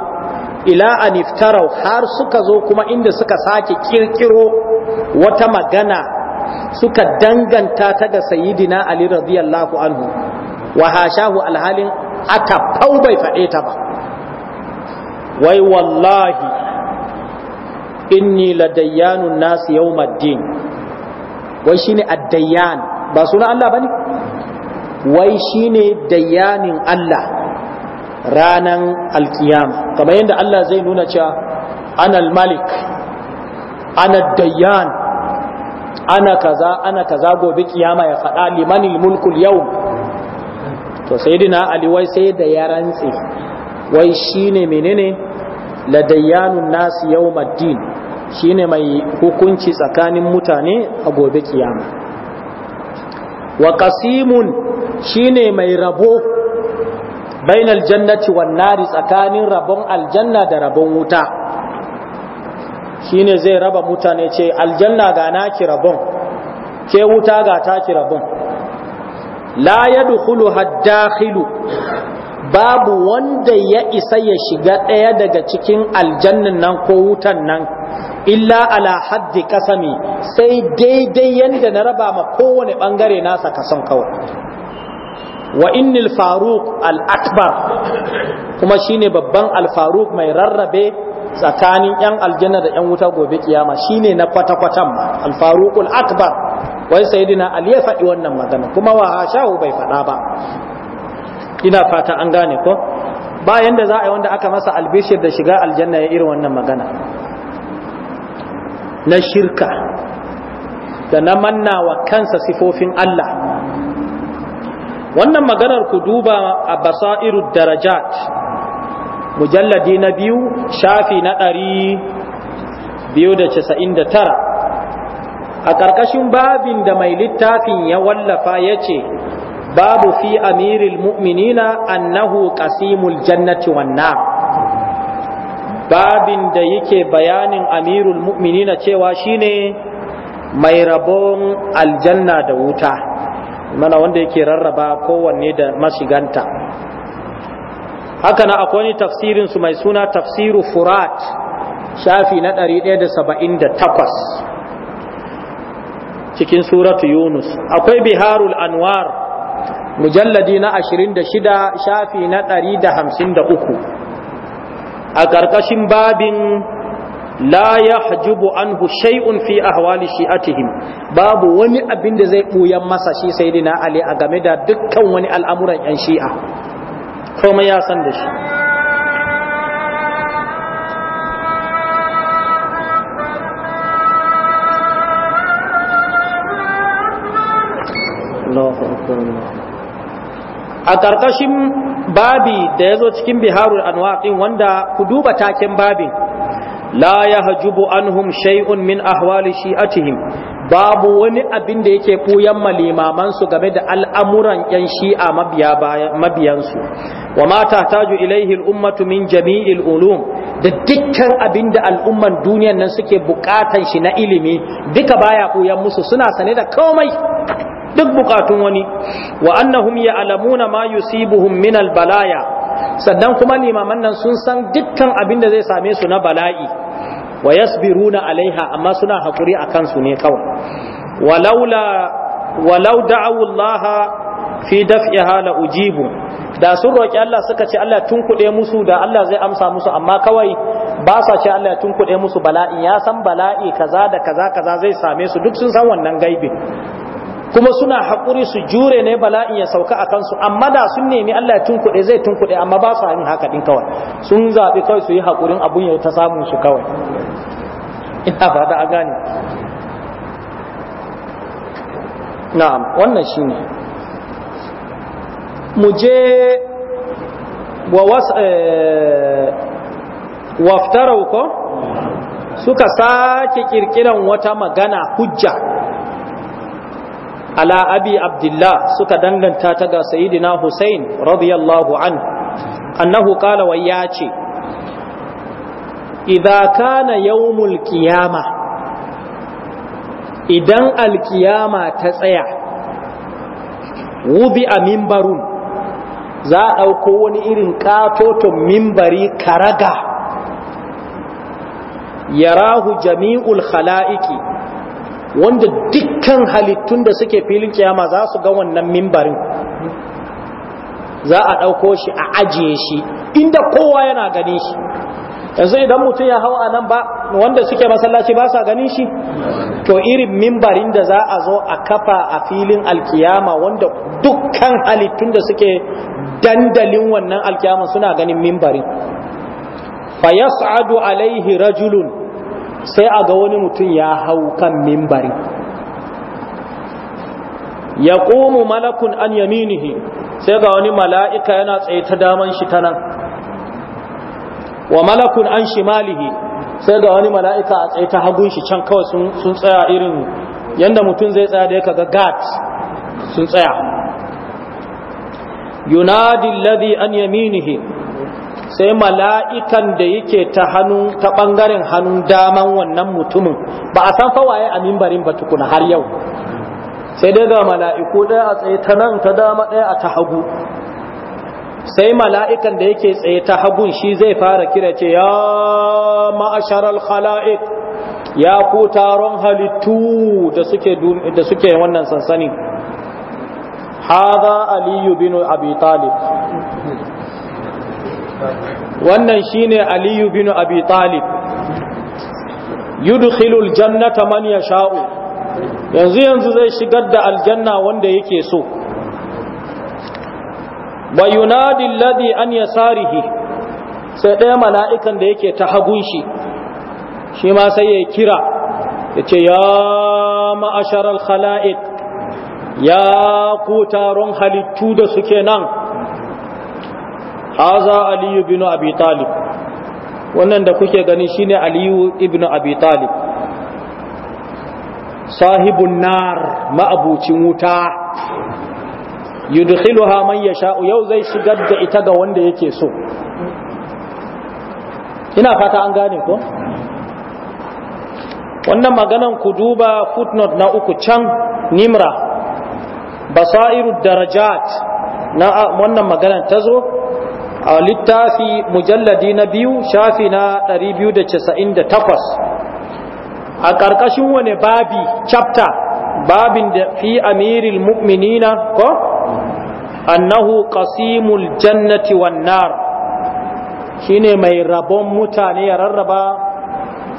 ila an iftarau har suka zo kuma inda suka sake kirkiro wata magana suka danganta ta ga sayyidina ali radiyallahu anhu wa hashahu alhalin aka fau bai faɗe ta ba wai wallahi inni ladayyanun nasi yawmaddin wai shine addayyan ba suna Allah bane wai shine dayyanin Allah ranan alkiyama kamar yadda Allah zai nuna cewa ana malik ana dayyan ana kaza ana kaza gobe kiyama ya faɗa limanil mulkul yau to sayyidina ali wai sai da ya rantse wai shine menene ladayyanun nas yawmaddin shine mai hukunci tsakanin mutane a gobe kiyama wa qasimun shine mai rabo bainal jannati wan nari tsakanin rabon aljanna da rabon wuta shine zai raba mutane ce aljanna ga naki rabon ke wuta ga taki rabon la yadkhulu haddakhilu babu wanda ya isa ya shiga ɗaya daga cikin aljannan nan ko wutan nan illa ala haddi kasami sai daidai yanda na raba ma kowane ɓangare nasa kasan kawai wa innil faruq al-akbar kuma shine babban al-faruq mai rarrabe tsakanin yan aljanna da yan wuta gobe kiyama shine na kwata-kwatan alfaruqul akbar wai sayyidina ali ya faɗi wannan magana kuma wa hashahu bai faɗa ba ina fata an gane ko Ba da za a yi wanda aka masa albishir da shiga aljanna ya irin wannan magana na shirka da na manna wa kansa sifofin Allah wannan maganar ku duba a basairu darajat mujalladi na biyu shafi na ɗari biyu da casa'in da tara a ƙarƙashin babin da mai littafin ya wallafa ya ce babu fi amiril mu'minina annahu qasimul jannati wanna babin da yake bayanin amirul mu'minina cewa shine mai rabon aljanna da wuta mana wanda yake rarraba kowanne da mashiganta haka na akwai tafsirin su mai suna tafsiru furat shafi na 178 cikin suratu yunus akwai biharul anwar mujalladi na 26 shafi na 153 a ƙarƙashin babin la ya hajjubu anhu shai'un fi ahwali shi'atihim babu wani abin da zai ɓuyan masa shi sai dina ali a game da dukkan wani al'amuran 'yan shi'a komai ya san da shi a ƙarƙashin babi da ya zo cikin biharul anwaƙin wanda ku duba taken babin la ya hajubu anhum shay'un min ahwali shi'atihim babu wani abin da yake ɓuyan malimamansu game da al'amuran ‘yan shi'a mabiyansu, wa mata taju ilaihi ummatu min jami'il ulum da dukkan abin da al'umman duniyan nan suke bukatan shi na ilimi duka baya ɓuyan musu suna sane da komai duk bukatun wani, wa annahum ya alamuna ma yusibuhum min balaya. sannan kuma limaman nan sun san dukkan abin da zai same su na bala'i. wa yasbiruna alaiha amma suna haƙuri a kansu ne kawai walaula walau da'awu fi daf'iha la ujibu da sun roki Allah suka ce Allah tunkuɗe musu da Allah zai amsa musu amma kawai ba sa ce Allah tunkuɗe musu bala'in ya san bala'i kaza da kaza kaza zai same su duk sun san wannan gaibin kuma suna haƙuri su jure ne bala'in ya sauka a kansu amma da sun nemi Allah ya tunkuɗe zai tunkuɗe amma ba su hanyar haka ɗin kawai sun zaɓi kawai su yi haƙurin abun ya ta samun su kawai ina ba da a gane na'am wannan shi ne mu je wa wasu eh, waftarauko suka sake kirkiran wata magana hujja ala abi abdullah suka danganta ta ga sayyidina Hussein radiyallahu an annahu qala wa ya ce idza kana yawmul qiyama idan alkiyama ta tsaya wubi a mimbarun za a ɗauko wani irin katoton mimbari karaga yarahu jami'ul khala'iki wanda dukkan halittun da suke filin kiyama za su ga wannan mimbarin za a ɗauko shi a ajiye shi inda kowa yana ganin shi yanzu idan mutum ya hau a nan ba wanda suke masallaci ba sa ganin shi to irin mimbarin da za a zo a kafa a filin alkiyama wanda dukkan halittun da suke dandalin wannan alkiyama suna ganin mimbarin fa yas'adu alaihi rajulun sai a ga wani mutum ya hau kan mimbari ya ƙomu malakun an yaminihi sai ga wani mala'ika yana tsaye ta daman shi ta nan wa malakun an shimalihi sai ga wani mala'ika a tsaye ta hagun shi can kawai sun tsaya irin yadda mutum zai tsaya da ya kaga gat sun tsaya yunadi ladi an yaminihi sai mala'ikan da yake ta ta ɓangaren hannun daman wannan mutumin ba a san fawaye a mimbarin ba tukuna har yau sai dai ga mala'iku ɗaya a tsaye ta nan ta dama ɗaya a ta hagu sai mala'ikan da yake tsaye ta hagun shi zai fara kira ce ya ma'asharar khala'ik ya ku taron halittu da suke wannan sansani haza aliyu bin abi talib wannan shine aliyu bin abi talib yudkhilul jannata man yasha'u yanzu yanzu zai shigar da aljanna wanda yake so wa yunadi alladhi an yasarihi sai ɗaya mala'ikan da yake ta hagun shi shi ma sai ya kira yace ya ma'asharar khala'iq ya ku taron halittu da suke nan haza aliyu binu abi talib wannan da kuke gani shine aliyu ibnu abi talib sahibun nar ma'abucin wuta yudkhiluha man yasha yau zai shigar da ita ga wanda yake so ina fata an gane ko wannan maganan ku duba footnote na uku can nimra basairu darajat na wannan maganan ta zo a littafi mujalladi na biyu shafi na 298 a ƙarƙashin wane babi chapter babin da fi amiril mu'minina ko annahu qasimul jannati wan nar shine mai rabon mutane ya rarraba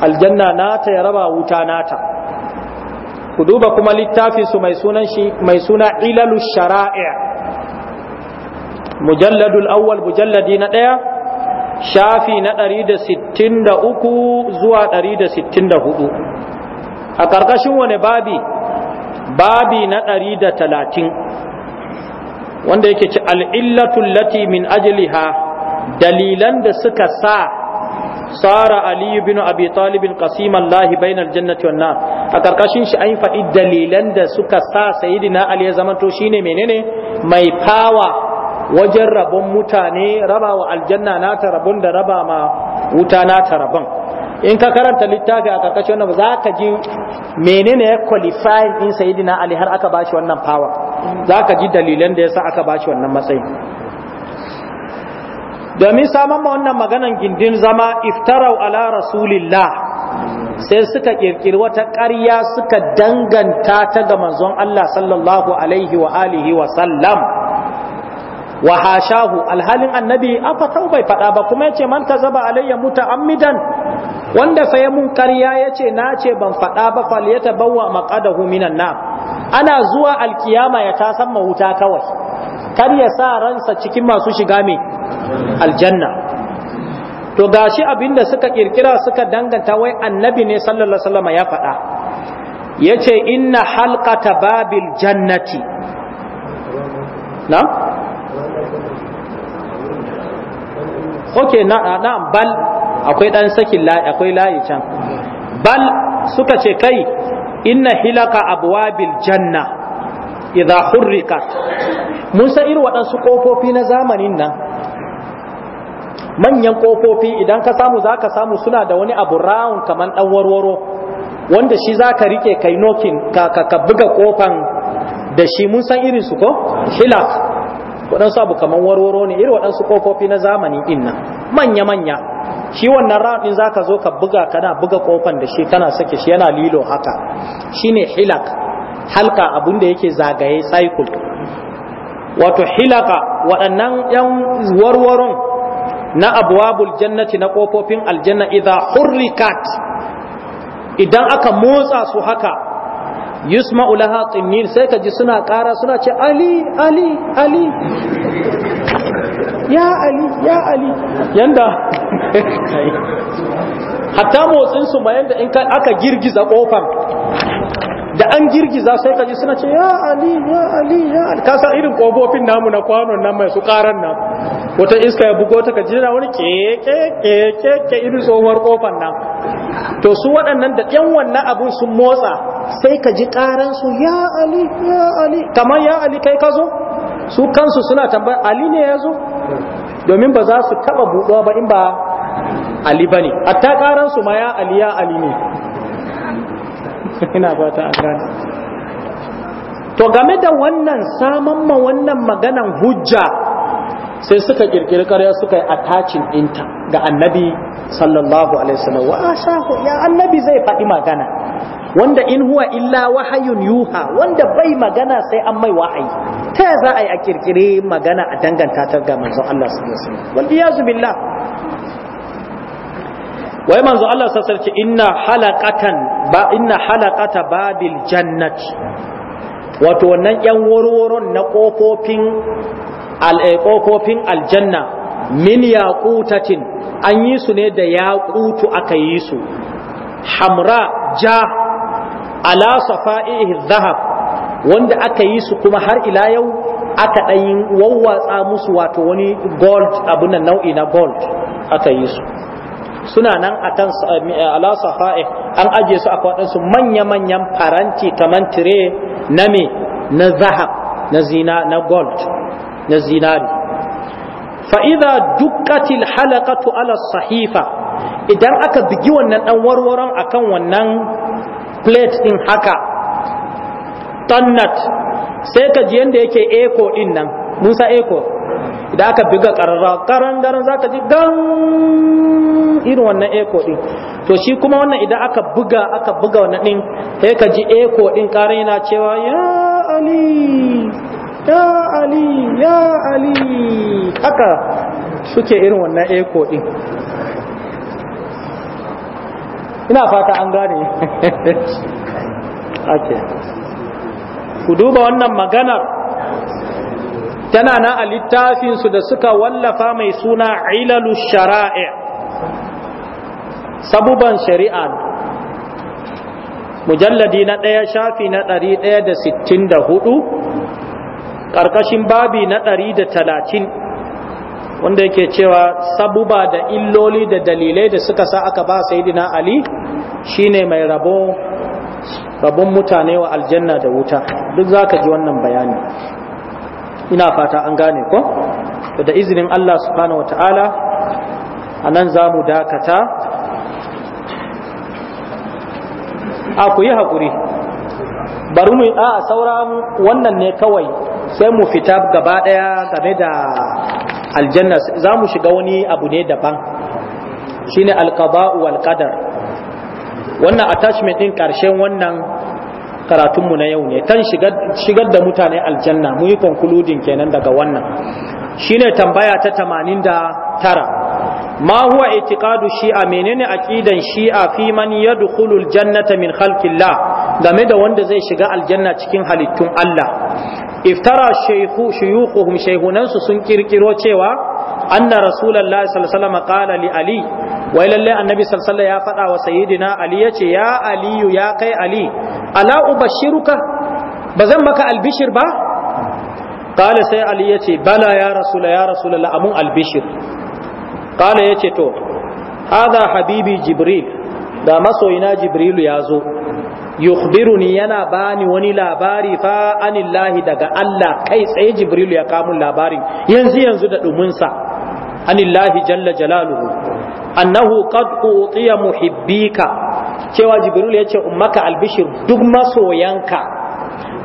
aljanna nata ya raba wuta nata ku duba kuma littafin su mai sunan shi mai suna ilalu shara'i mujalladul awwal mujalladi na ɗaya shafi na 163 zuwa 164 a ƙarƙashin wani babi babi na 130 wanda yake ci al'illatul lati min ajiliha dalilan da suka sa Sarah aliyu bin abi talibin qasiman lahi bainal jannati wanna a ƙarƙashin shi an faɗi dalilan da suka sa saidina ali ya zamanto shine menene mai fawa wajen rabon mutane raba wa aljanna na ta rabon da raba ma wuta na ta rabon in ka karanta littafi a karkashin wannan za ka ji menene ya qualify in sayyidina ali har aka bashi wannan power za ka ji dalilan da yasa aka bashi wannan matsayin domin saman ma wannan maganan gindin zama iftarau ala rasulillah sai suka kirkiri wata ƙarya suka danganta ta ga manzon Allah sallallahu alaihi wa alihi wa sallam wa hashahu alhalin annabi afatau bai faɗa ba kuma yace man kazaba alayya muta'ammidan wanda fa mun ƙarya yace na ce ban faɗa ba faliyata bawa maqadahu minan nar ana zuwa alkiyama ya tasan mahuta kawai kar ya sa ransa cikin masu shiga me aljanna to gashi abinda suka kirkira suka danganta wai annabi ne sallallahu alaihi wasallam ya faɗa yace inna halqata babil jannati na ok ah, na'am na, bal akwai dan sakin layi akwai layi can bal suka ce kai inna hilaka abwabil janna idza hurrika mun san irin waɗansu ƙofofi na zamanin nan manyan ƙofofi idan ka samu zaka samu suna da wani abu round kamar ɗan warwaro wanda shi zaka rike kai nokin ka, ka, buga ƙofan da shi mun san irin su ko hilak waɗansu abu kamar warwaro ne irin waɗansu kofofi na zamani ɗin nan manya-manya shi wannan round zaka zo ka buga kana buga kofan da shi kana sake shi yana lilo haka shine hilak halka abun da yake zagaye cycle wato hilaka waɗannan yan warwaron na abwabul jannati na kofofin aljanna idza hurrikat idan aka motsa su haka yusma ulaha tinnil sai ka ji suna ƙara suna ce ali ali ali ya ali ya ali yanda hatta motsin su ma yanda in aka girgiza kofar da an girgiza sai ka ji suna ce ya ali ya ali ya ali ka san irin kofofin namu na kwanon nan mai su karan nan wata iska ya bugo ta ka ji na wani keke keke ke irin tsohuwar kofar nan to su waɗannan da ɗan wannan abun sun motsa sai ka ji ƙaransu ya ali ya ali kamar ya ali kai ka zo su kansu suna tambaya ali ne ya zo domin ba za su taɓa buɗuwa ba in ba ali ba ne hatta ƙaransu ma ya ali ya ali ne ina ba ta gane to game da wannan saman ma wannan maganan hujja sai suka kirkiri karya suka yi attachin ɗinta ga annabi sallallahu alaihi wasallam wa asahu ya annabi zai faɗi magana wanda in huwa illa wahayun yuha wanda bai magana sai an mai wahayi ta ya za a yi a kirkiri magana a danganta ta ga manzo? Allah sallallahu alaihi wasallam wal iyazu billah wai manzo Allah sallallahu alaihi inna halaqatan ba inna halaqata babil jannati wato wannan yan warwaron na kofofin al’aikokofin aljanna min yaqutatin an yi su ne da yaƙutu aka yi su hamra ja ala safa'ihi zahab wanda aka yi su kuma har ila yau aka ɗayin wawwatsa musu wato wani gold abin nau'i na gold aka yi su suna nan a kan ala safa'i an ajiye su a kwaɗansu manya-manyan faranti kamar tire na me na zahab na zina na gold na zinari fa'iza dukkatil halakatu ala sahifa idan aka bigi wannan ɗan warwaron akan wannan plate ɗin haka tannat sai ka ji yadda yake eko ɗin nan musa eko idan aka biga ƙararra ƙaran za ka ji gan irin wannan eko ɗin to shi kuma wannan idan aka buga aka buga wannan ɗin sai ka ji eko ɗin ƙarai na cewa ya ali ya ali ya ali haka suke irin wannan eko din ina fata an gane ake ku duba wannan maganar tana na a littafinsu da suka wallafa mai suna ilalu shara'i sabuban shari'a mujalladi na ɗaya shafi na ɗari ɗaya da sittin da hudu ƙarƙashin babi na ɗari da talatin wanda yake cewa sabuba da illoli da dalilai da suka sa aka ba saidina ali shine mai rabo rabon mutane wa aljanna da wuta duk za ka ji wannan bayani ina fata an gane ko da izinin allah subhanahu wata'ala a nan za mu dakata a ku yi haƙuri bari mu yi a sauran wannan ne kawai sai mu fita gaba daya game da aljanna za mu shiga wani abu ne daban shine alqada'u wal qadar wannan attachment din karshen wannan karatunmu na yau ne Tan shigar da mutane aljanna mu yi concluding kenan daga wannan ne tambaya ta 89 ma huwa itikadu shi'a menene aqidan shi'a fi man yadkhulu jannata min khalqillah game da wanda zai shiga aljanna cikin halittun Allah iftara shaykhu shuyukhuhum shaykhunansu sun kirkiro cewa anna rasulullahi sallallahu alaihi wasallam qala li ali wai lalle annabi sallallahu ya faɗa wa sayyidina ali yace ya aliyu ya kai ali ala ubashiruka ba zan maka albishir ba qala sai ali yace bala ya rasul ya rasulullah amun albishir qala yace to hada habibi jibril da masoyina jibrilu ya zo yukhbiruni yana bani wani labari fa anillahi daga Allah kai tsaye Jibrilu ya kamun labarin yanzu yanzu da duminsa anillahi jalla jalaluhu annahu qad utiya muhibbika cewa Jibrilu ya ce ummaka albishir duk masoyanka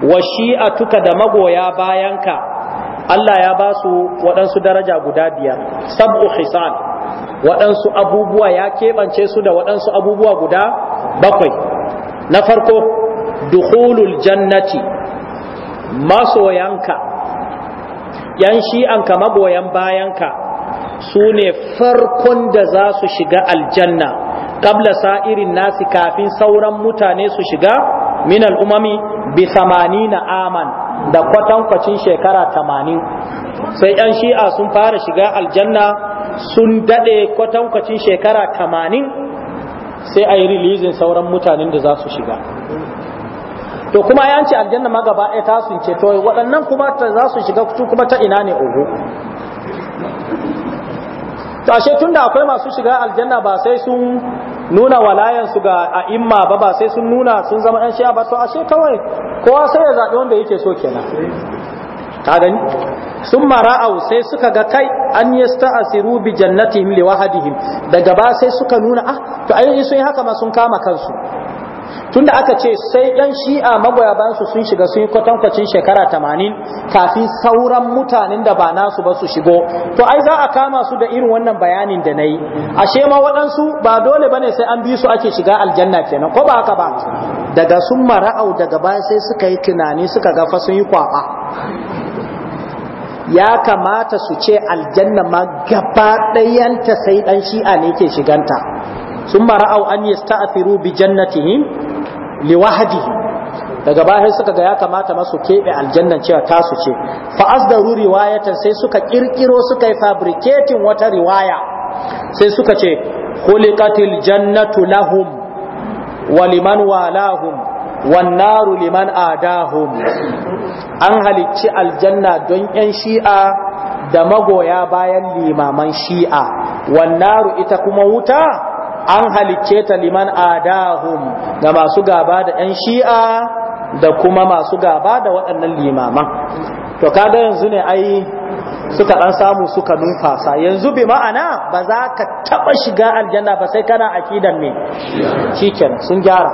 wa shi'atuka da magoya bayanka Allah ya ba su waɗansu daraja guda biyar sab'u hisan waɗansu abubuwa ya keɓance su da waɗansu abubuwa guda bakwai na farko dukhulul jannati masoyanka yan shi'anka magoyan bayanka su ne farkon da za su shiga aljanna sa sa'irin nasi kafin sauran mutane su shiga min al'umami bi 80 aman da kwatankwacin shekara tamanin, sai yan shi'a sun fara shiga aljanna sun daɗe kwatankwacin shekara tamanin? sai a yi rilizin sauran mutanen da za su shiga to kuma ya ce aljanna ma gaba ɗaya ta sun to waɗannan kuma za su shiga kutu kuma ta ina ne To ashe tun da akwai masu shiga aljanna ba sai sun nuna walayansu ga a'imma ba ba sai sun nuna sun zama 'yan shi'a ba to ashe kawai kowa sai ya zaɓi wanda yake so kenan ka gani sun mara'au sai suka ga kai an yi sta'asiru bi jannatihim li wahadihim daga ba sai suka nuna ah to ayi sun haka ma sun kama kansu tunda aka ce sai ɗan shi'a magoya su sun shiga sun yi kwatankwacin shekara tamanin kafin sauran mutanen da ba nasu ba su shigo to ai za a kama su da irin wannan bayanin da na yi ashe ma waɗansu ba dole bane sai an bi su ake shiga aljanna kenan ko ba haka ba daga sun mara'au daga baya sai suka yi tunani suka gafa sun yi kwaɓa ya kamata su ce aljanna ma gaba ɗayanta sai ɗan shi'a ne ke shiganta sun mara'au an yi sta'afiru bi jannatihim Liwahadi, daga bayan suka ga ya kamata masu keɓe aljannan cewa tasu ce fa asdaru riwayatan sai suka kirkiro suka yi fabriketin wata riwaya sai suka ce khuliqatil jannatu lahum wa liman walahum wan liman adahum an halicci aljanna don yan shi'a da magoya bayan limaman shi'a wannaru ita kuma wuta an halicce ta liman adahum ga masu gaba da 'yan shi'a da kuma masu gaba da waɗannan limaman to kaga yanzu ne ai suka ɗan samu suka numfasa yanzu bi ma'ana ba za ka taɓa shiga aljanna ba sai kana a kidan ne. shiken sun gyara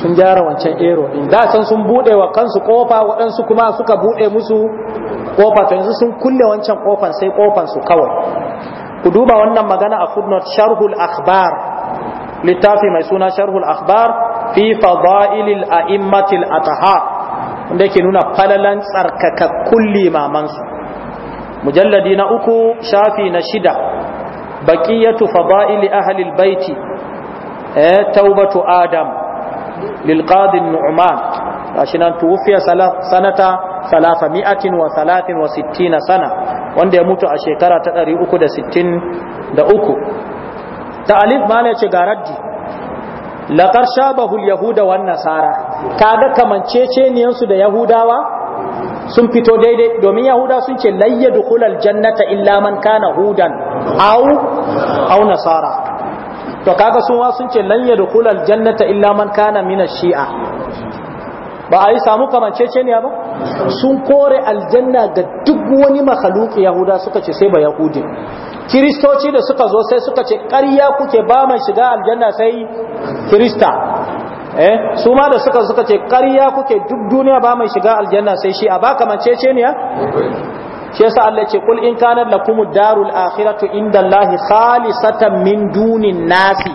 sun gyara wancan ero da san sun buɗe wa kansu ƙofa waɗansu kuma suka buɗe musu ƙofa to yanzu sun kulle wancan ƙofan sai ƙofan su kawai ku duba wannan magana a footnote sharhul akhbar littafi mai suna sharhul akhbar fi fadailil a'immatil ataha wanda yake nuna falalan tsarkakakkun limamansu mujalladi na uku shafi na shida baqiyatu fadaili ahli baiti eh taubatu adam lil qadi nu'man gashi nan tuwfiya sanata salafa mi'atin wa salatin wa sittina sana wanda ya mutu a shekara ta ɗari uku da sittin da uku ta'alif ma ne ce ga raddi laƙar shabahul yahuda wa nasara kaga kamanceceniyarsu da yahudawa sun fito daidai domin yahuda sun ce layya dukulal jannata illa man kana hudan au au nasara to kaga sun wa sun ce layya dukulal jannata illa man kana mina shi'a ba a yi samu kamanceceniya ba sun kore aljanna ga duk wani makhaluki yahuda suka ce sai ba yahudi kiristoci da suka zo sai suka ce ƙarya kuke ba mai shiga aljanna sai kirista eh su ma da suka suka ce ƙarya kuke duk duniya ba mai shiga aljanna sai shi a baka cece ne ya shi yasa Allah ce kul in kana lakumud darul akhiratu indallahi khalisatan min dunin nasi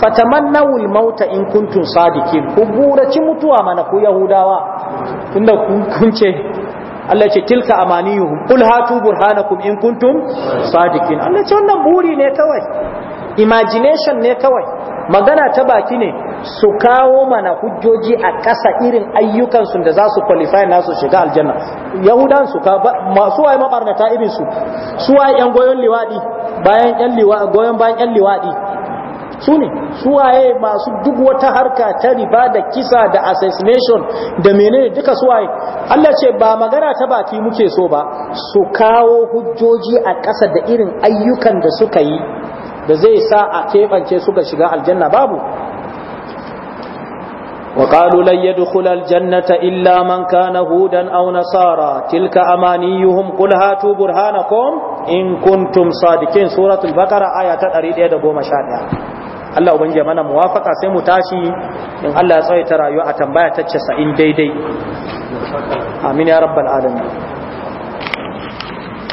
fatamannawul mauta in kuntum sadiqin ku ci mutuwa mana ku yahudawa tunda kun ce Allah ce tilka amaniyuhum qul hatu burhanakum in kuntum sadiqin Allah ce wannan buri ne kawai imagination ne kawai magana ta baki ne su kawo mana hujjoji a ƙasa irin ayyukansu da za su qualify su shiga aljanna yahudan su ka masu waye mabarnata irin su su waye yan goyon liwadi bayan yan liwa goyon bayan yan liwadi su ne suwaye masu duk wata harka ta riba da kisa da assassination da menene duka suwaye Allah ce ba magana ta baki muke so ba su kawo hujjoji a ƙasa da irin ayyukan da suka yi da zai sa a keɓance suka shiga aljanna babu وقالوا لن يدخل الجنة إلا من كان هودا أو نصارى تلك أمانيهم قل هاتوا برهانكم إن كنتم صادقين سورة البقرة آية أريد يدقوا مشاهدها Allah ubangiji mana muwafaka sai mu tashi in Allah ya tsawaita rayuwa a tambaya ta 90 daidai amin ya rabbal alamin